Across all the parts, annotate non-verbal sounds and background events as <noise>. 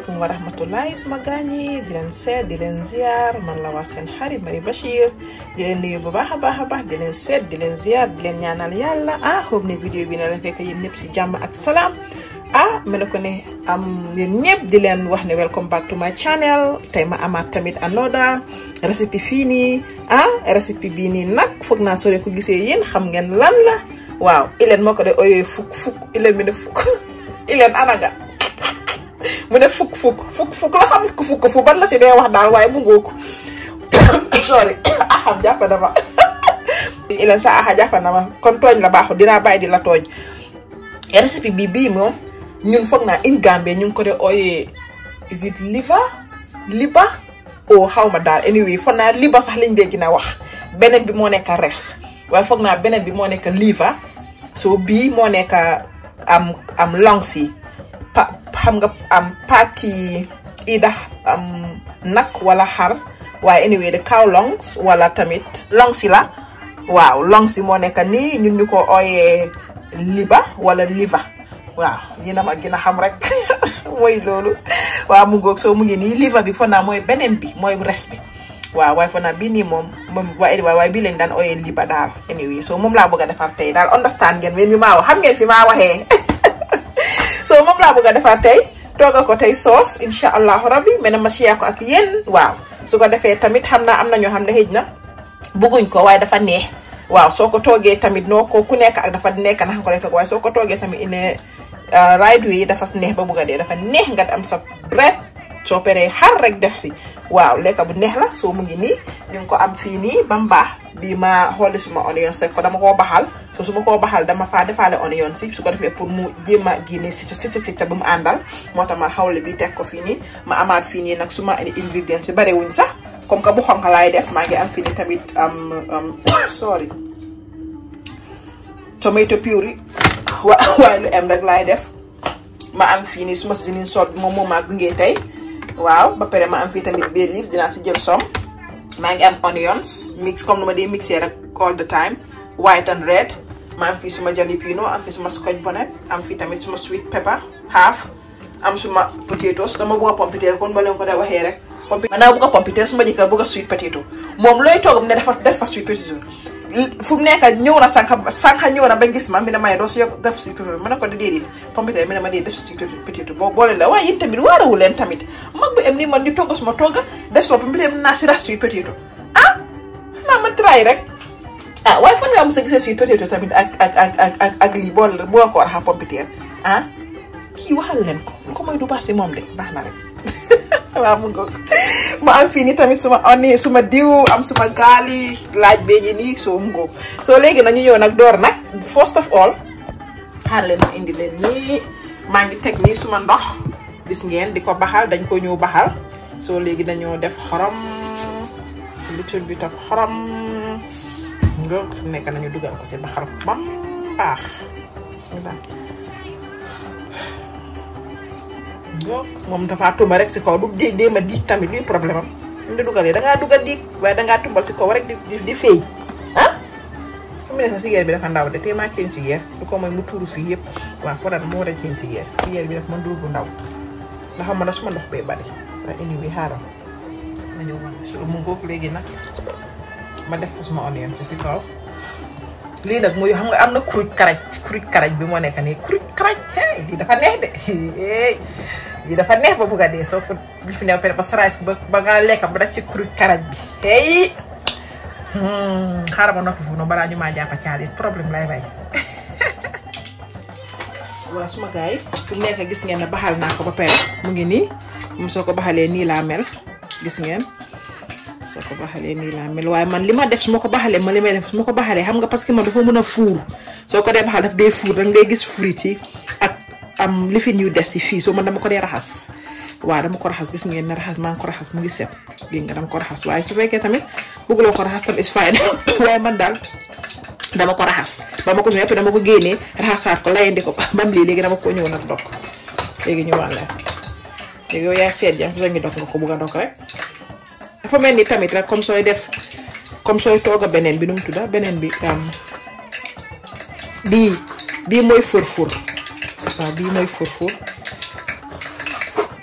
alaikum warahmatullahi sumagani dilen sed dilen ziar man la hari mari bashir dilen nuyu bu baaxa baaxa baax dilen sed dilen ziar dilen ñaanal yalla ah hope ne video bi na la fekk yeen ñep ci jamm ak salam a ah, mene ko ne am yeen ñep di len wax ne welcome back to my channel tay ma amat tamit anoda recipe fini a ah, recipe bi ni nak fogg na sore ko gisee yeen xam ngeen lan la waaw ilen moko de oyoy fuk fuk ilen mi ne fuk <laughs> ilen anaga mu ne fukk fukk fukk fukk la xam fukk fukk fu ban la ci dee wax daal waaye mu ngóog <coughs> sorry <coughs> axam jàpp na ma <coughs> ilan sa axa jàpp na ma kon tooñ la baaxul dinaa bàyyi di la tooñ recipe bi bii moom ñun foog naa in Gambie ñu ngi ko de ooyee is it liver liba o xaw ma daal anyway foog naa liba sax lañ dee gën a wax beneen bi moo nekk res waaye foog naa beneen bi moo nekk liver so bii moo nekk am am longs yi xam nga am parti ida am nag wala xar waaye anyway de kaw longs wala tamit longs si la waaw longs yi moo nekk nii ñun ñu ko ooyee liba wala liva waaw yéena ma gën a xam rek <laughs> mooy loolu waaw mu ngoog soo mu ngi nii liva bi fo mooy beneen bi mooy res bi waaw waaye fo naa bii nii moom moom waaye waaye bii daan ooyee liba daal anyway so moom laa bëgg a defar tey daal understand ngeen ween mi maa xam ngeen fi maa waxee <laughs> <laughs> so moom laa bëgg a defar tey tooga ko tey soos incha allahu rabbi mën na ma siyaa ko ak yéen waaw su ko defee tamit xam naa am na ñoo xam ne xëj na bëgguñ ko waaye dafa neex waaw soo ko toogee tamit noo ko ku nekk ak dafa nekk nax ko lay toog waaye soo ko toogee tamit ine euh, ride yi dafa neex ba bëgg dee dafa neex nga am sa bread soo peree har rek def si waaw lekka bu neex la so mu ngi ni ñu ko am ni bam ba ma suma onion sec ko dama ko baxal so suma ko baxal dama fa defaale onion ci su ko defee pour mu jema a ci si ci si si ca bu mu ma amar bi tek ko fi ni ma amaat fi ni nak suma ingrédients ci bari wuñ sax comme ka bu xonka lay def ma ngi am fi ni tamit am sorry tomato pure waaye lu em rek lay def ma am fini suma seasoning salt mo mo ma gungé tay waaw ba pare ma am fii tamit bay leaves dinaa si jël som maa ngi am onions mix comme nu ma dee mixé rek all the time white and red ma am fii suma jalapeno am fii suma scotch bonnet am fii tamit suma sweet pepper half am suma potatoes dama bëgg a pompiteer kon ma leen ko de waxee rek. pompiteer man naa bëgg a pompiteer suma jëkkër bëgg a sweet potato moom looy toog ne dafa sweet potato fu mu nekk ñëw na sànq sànq ñëw na ba gis ma mi ne ma ne doo si yokk def si tuuti ne ko déedéet pompiteer mi ne ma dee def si tuuti petit boo boole la waaye it tamit waarawu leen tamit mag bu em nii man suma togga des soo pompiteer mën naa si rax suy petit ah xanaa ma try rek ah waaye fan nga am sa gisee tamit ak ak ak ak ak ak lii boo boo ko war a xam pompiteer ah kii waxal leen ko lu mooy du baax moom de baax na rek. waaw mu ma am fii tamit suma oni suma diw am suma gali, laaj bee so nii So mu ngoog soo nañu ñëw door nag first of all xaar leen ma indi leen nii maa ngi teg nii suma ndox gis ngeen di baxal dañ ko ñëw baxal soo léegi dañoo def xorom little bit of xorom ngoog fu nekk nañu dugal ko si baxal bam baax bismillah donc moom dafa tumba rek si kaw du di di ma dig tamit luy problème am ñu la dugalee da ngaa dugg a dig da ngaa tumbal si kaw rek di di feey ah. su ma ne sa bi dafa ndaw de te ma ceen sigeer lu ko mooy mu tuuru si yëpp waaw Fodane moo mo a ceen sigeer sigeer bi dafa man duur bu ndaw ndax xam nga suma ndox bee bari waaye indi ma ñëw ma si mu ngoog léegi nak ma def fa suma onion ci si kaw. lii nag mooy xam nga am na kuruj karaj kuruj karaj bi moo nekk kan, nii ya. kuruj karaj hey lii dafa neex de hey. Kan bi dafa neex ba buga dé dee soo ko jëfandikoo ba pare ba saraay ba ba ci kuru karaj bi hey hmm ma noppi foofu no bara ñu maa jàpp caali problème lay bay. <laughs> wa suma gay yi fu nekk gis ngeen na baxal na ko ba pare mu ngi ni mu soko baxalé ni la mel gis ngeen soko baxalé ni la mel way man lima def su baxalé ko baxalee ma li def su baxalé xam nga parce que man dafa mëna four soko baxal daf dé four gis fruit yi am lifin yu dess yi fii so man dama ko dee rahas wa dama ko rahas gis ngeen ne raxas maa ko rahas mu ngi set gi nga dama ko rahas way su fekke tamit bëgguloo ko rahas tam is fine <laughs> way man dal dama ko rahas ba ma ko ñëwee dama ko génnee raxasaat ko layandi ko bam <laughs> li legi dama ko ñëw nak dok legi ñu wàll legi yo ya set jàng sa ngi dok ko bu a dok rek dafa melni tamit rek comme soy def comme soy toga benen beneen bi nu mu tudda beneen bi am bii bii mooy furfur babi bi furfur.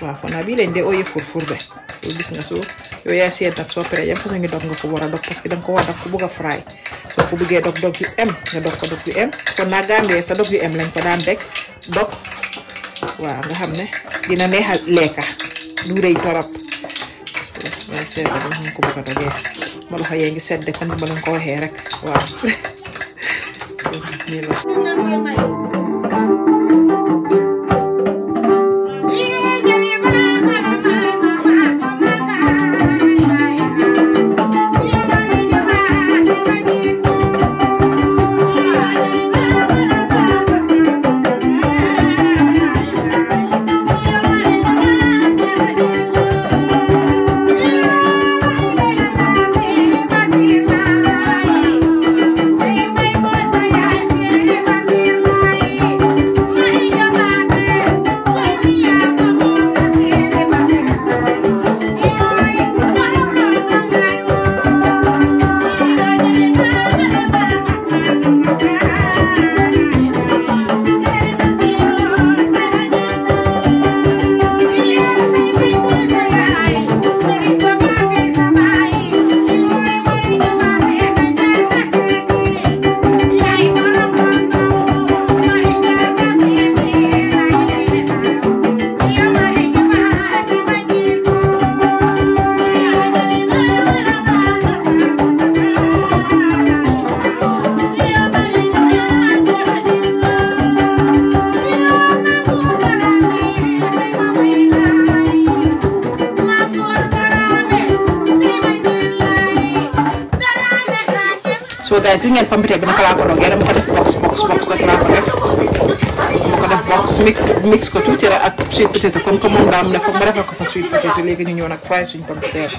Ba fana bi len de oye furfur be. So gis nga so yo ya siya dab so pere yam façon nga dog nga ko wara dog parce que dang ko wara dog ko bëgga fry. So ko bëggé dog dog yu m nga dog ko dog yu m ko na gambé sa dog yu m lañ ko daan rek dog. Wa nga xamné dina neexal lekka. Du reuy torop. ma sédé dama xam ko bëgga dogé. Ma loxo ngi sédé kon dama lañ ko waxé rek. Waaw. <laughs> Ni la. gis ngeen pompiteer bi naka laa ko doggee dama ko def box box box rek laa def dama ko def box mix mix ko tuuti rek ak sweet potato comme que moom daal ne foog ma defal ko fa sweet potato léegi ñu ñëw nag fry suñu pompiteer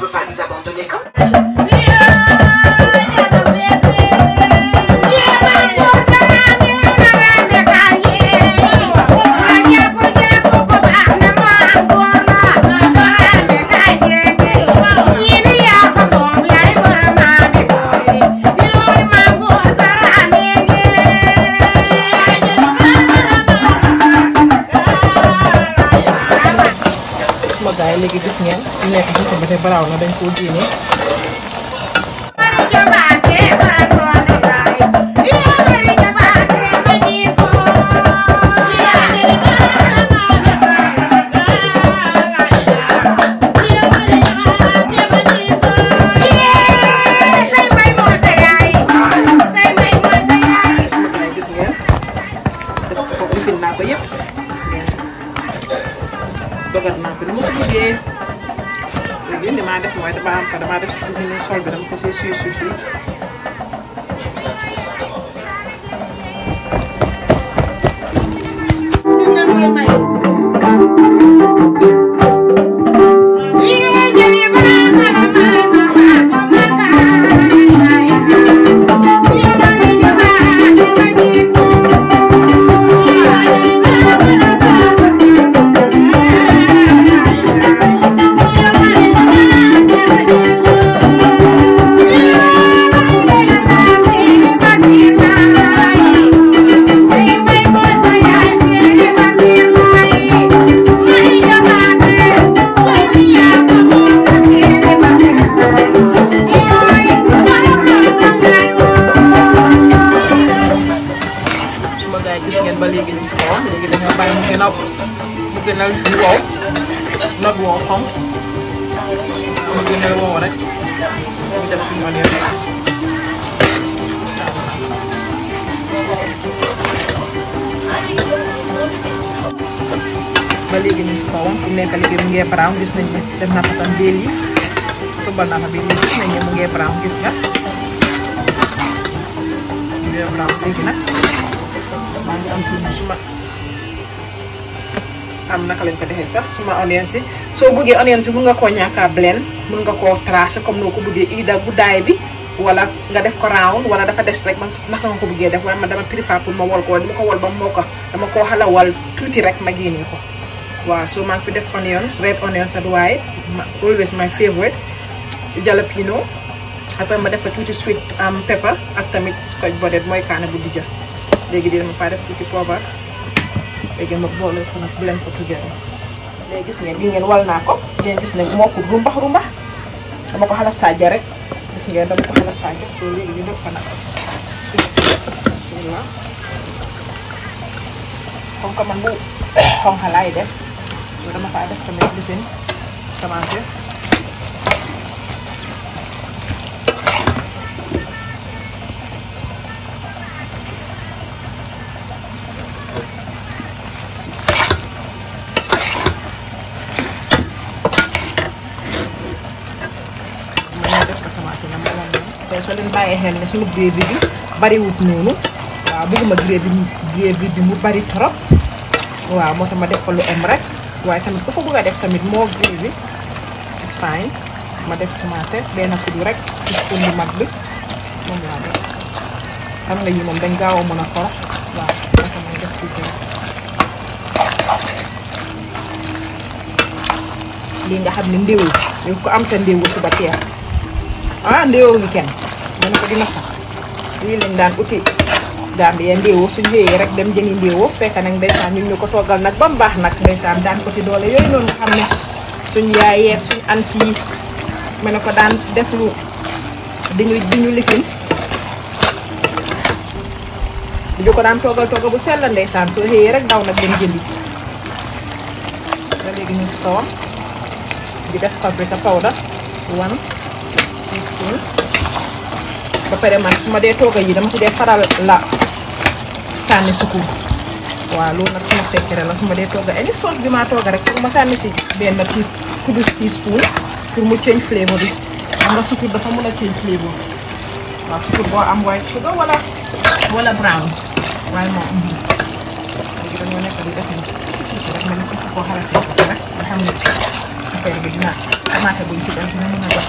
brownie lên cua gì lagi bisa bismillah ya sini kali dia menggaya perang gis nanya dan beli kebal nama beli gis gis kan menggaya perang mantan cuma am na ka leen ko defee so bëggee onion si mun nga koo blend mun nga koo tracé comme noo ko ida guddaay bi wala nga def ko round wala dafa des rek man naka nga ko bëggee def waaye ma dama préfère pour ma wol ko dama ko wol ba moo ko dama koo xala wal tuuti rek ma génnee ko waaw so maa ngi fi def onions red onions and white always my favorite jalapeno après ma def fa sweet am pepper ak tamit scotch bonnet mooy kaane bu dija léegi dina ma fa def tuuti poivre léegi ma boole ko nag blend ko together léegi gis ngeen lii ngeen wal naa ko ngeen gis ne moo rumbax rumbax dama ko xala saaja rek gis ngeen dama ko xala saaja soo léegi ñu def ko nag bismillah kon ko man bu <coughs> xonq laay def dama def tamit bàyyi xel ne sunu bi bariwut noonu waaw bëgguma gravy gravy bi mu bari trop waaw moo tax ma def ko lu m rek waaye tamit ku fa bëgg a def tamit moo gravy it's fine ma def tomate benn kuddu rek ci spoon bu mag bi moom laa def xam nga yi moom dañ gaaw a mën a forox waaw lii nga xam ne ndéewu yow ko am sa ndéewu suba teel ah ndéewu ngi kenn dañ ko di nasa lii lañ daan uti gambia ndéwo su ñëwee rek dem jëni ndéwo fekk nak ndeysaan ñu ko togal nak bam baax nak ndeysaan daan ko ci doole yoy non xamne xam suñ yaay yeek suñ anti yi ma ne ko daan def lu diñu diñu lifin ñu ko daan togal togal bu sel ndeysaan soo heey rek daw nak dem jëndi da legi ñu ci kawam di def fabrica powder one teaspoon ba pare man su ma dee tooga yi dama ci dee faral la sànni sukkur waaw loolu nag sama secret la su ma dee tooga any sauce bi ma tooga rek pour ma sànni si benn kii kuddu teaspoon mu change flavor bi xam nga sukkur dafa mën a change flavor waaw sukkur boo am white sugar wala wala brown waaye moo am léegi dañoo nekk di def nii def a dox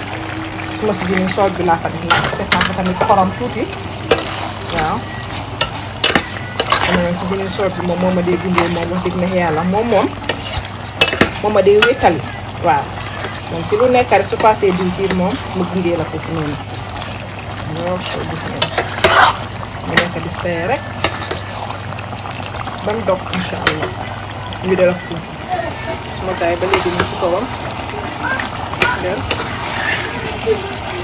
suma ya. si jëlee sol bi laa fa def def naa ko tamit xorom tuuti waaw xam si jëlee sol bi moom moo ma dee dundee moom wax dëgg na yàlla moom moom moo ma dee wéttali waaw moom si lu nekk rek su passé ci moom mu gungee la ko ci suma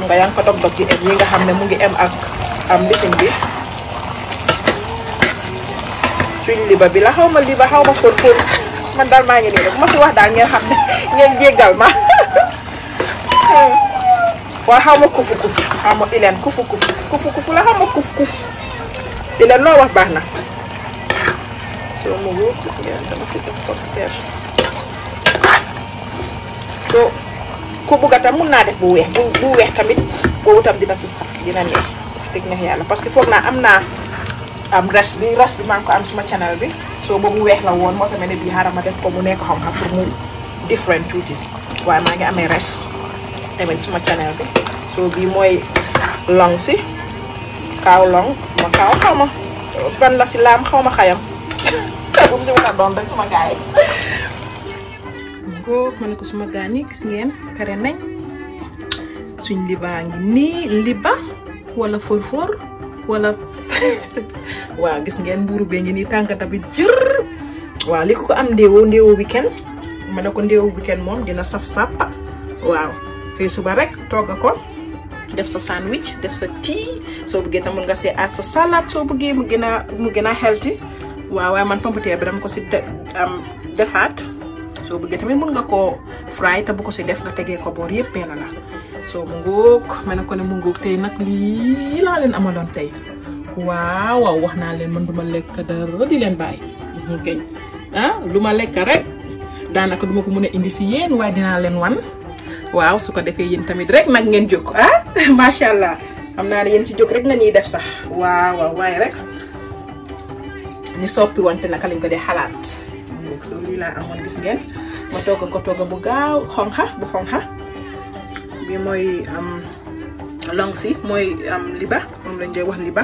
nga yaa ngi ko dog-dog di em yi nga xam ne mu ngi em ak am lifin bi suñ liba bi la xaw ma liba xaw ma fóot fóot man daal maa ngi nii rek ma si wax daal ngeen xam ne <laughs> ngeen jéggal ma <laughs> waa xaw ma kufu kufu xaw ma ileen kufu kufu kufu la xaw ma kuf kuf ileen loo wax baax na ko bëgg tam mun naa def bu weex bu bu tamit boobu tam dina si sax dina neex parce que foog naa am naa am res bi res bi maa ngi ko am suma channel bi soo boobu weex la woon moo ne bii xaaral ma def ko mu nekk xam-xam pour mu different tuuti waaye maa amee res suma channel bi soo mooy long si kaaw long ma kaaw xaw ma ban la si laam xaw ma xayam <laughs> bu si mën a doon rek suma gars yi ko man ko suma gani gis ngeen pare nañ suñ liba ngi liba wala forfor wala <laughs> wa gis ngeen buru bee ngi nii tapi bi jër waaw ko am deo deo weekend mana ko weekend mom dina saf wow wa xëy suba rek toga ko def sa sandwich def sa tea so bëggee tam mun nga at sa salad so bëggee mu gën mu gën healthy wa wa man pompeter bi dama ko am defaat so bëggee tamit mën nga ko fry ta bu ko ci def nga tegee ko bor yépp ya, benn la so mu ngóog man ko ne mu ngóog wow wow wah la leen amalon tay waaw waaw wax leen man duma lek dara di leen bàyyi mhm, ah lu ma lekk rek daanaka duma ko mëna indi ci yeen way dina leen wan waaw su ko defee tamit rek nak ngeen ah sha allah amna la yeen ci jokk rek nga def sax waaw waaw way rek ni soppi wante nak lañ ko dee xalaat rek so lii laa amoon gis ngeen ma togg ko togg bu gaaw xonxa bu xonxa bi mooy um, long si mooy um, liba moom lañ koy wax liba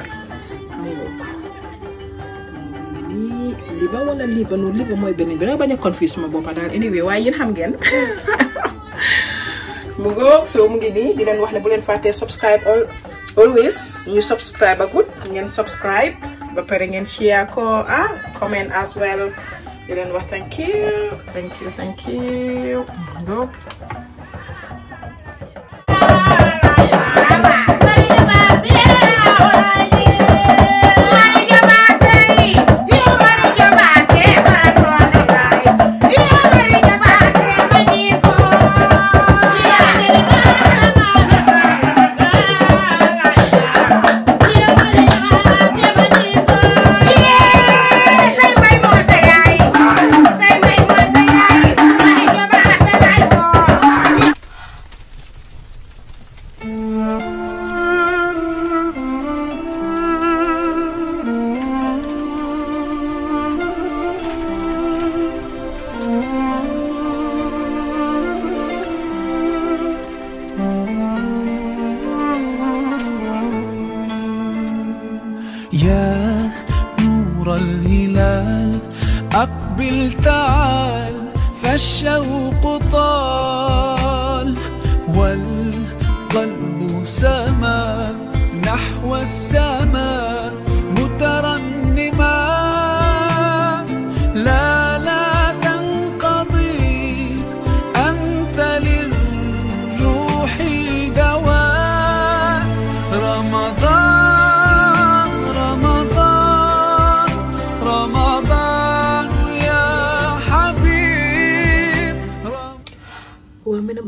mu wokk nii liba wala liba nu liba mooy beneen bi nag bañ confuse ma boppa daal anyway waaye yéen xam <laughs> ngeen mu ngoog so mu ngi nii di leen wax ne bu leen fàttee subscribe all always ñu subscribe a good ngeen subscribe ba pare ngeen share ko ah comment as well Irene what? thank you. Thank you, thank you. Mandou.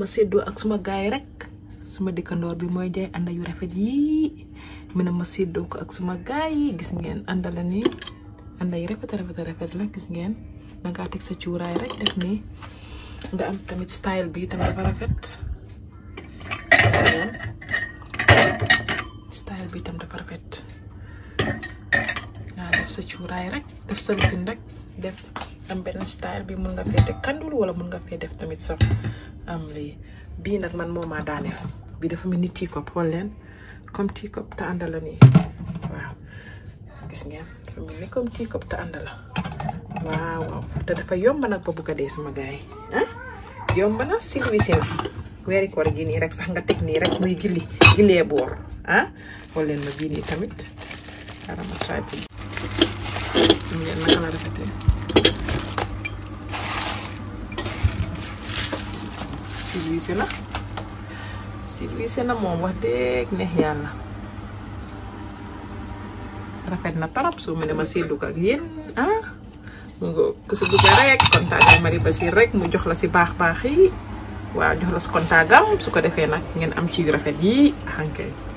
ma séddoo ak suma semua rek suma dëkkandoor bi moy jay anda yu rafet yi mina ne ma anda ko ak suma gay yi gis ngeen ànda la nii nih nggak rafet rafet rafet la gis ngeen nga tek sa ciuray rek def ni nga am tamit style bi tamit dafa rafet style bi tam dafa rafet na def sa ciuray rek def sa bind rek def am benen style bi mun nga fete kandul wala mun nga fete def tamit sa am li bi nak man moma maa bi dafa melni ni teacup xool leen comme teacup ta andala ni waaw gis ngeen dafa melni comme teacup ta andala waaw waaw ta dafa yomb nak ba suma ah yomb na silwi si na wéri koor gi ni rek sax nga tek ni rek muy gilli gilé bor ah hol len ma bi ni tamit ara ma try bi leen naka kala rafetee service na service na moom wax deg neex yalla rafet na torop soo me dama seddu ko yeen ah mu nga ku si dugg rek kontaagam mari Bachir rek mu jox la si bax bax yi wa jox la si kontaagam su ko defé nak ngeen am ci rafet yi xànkee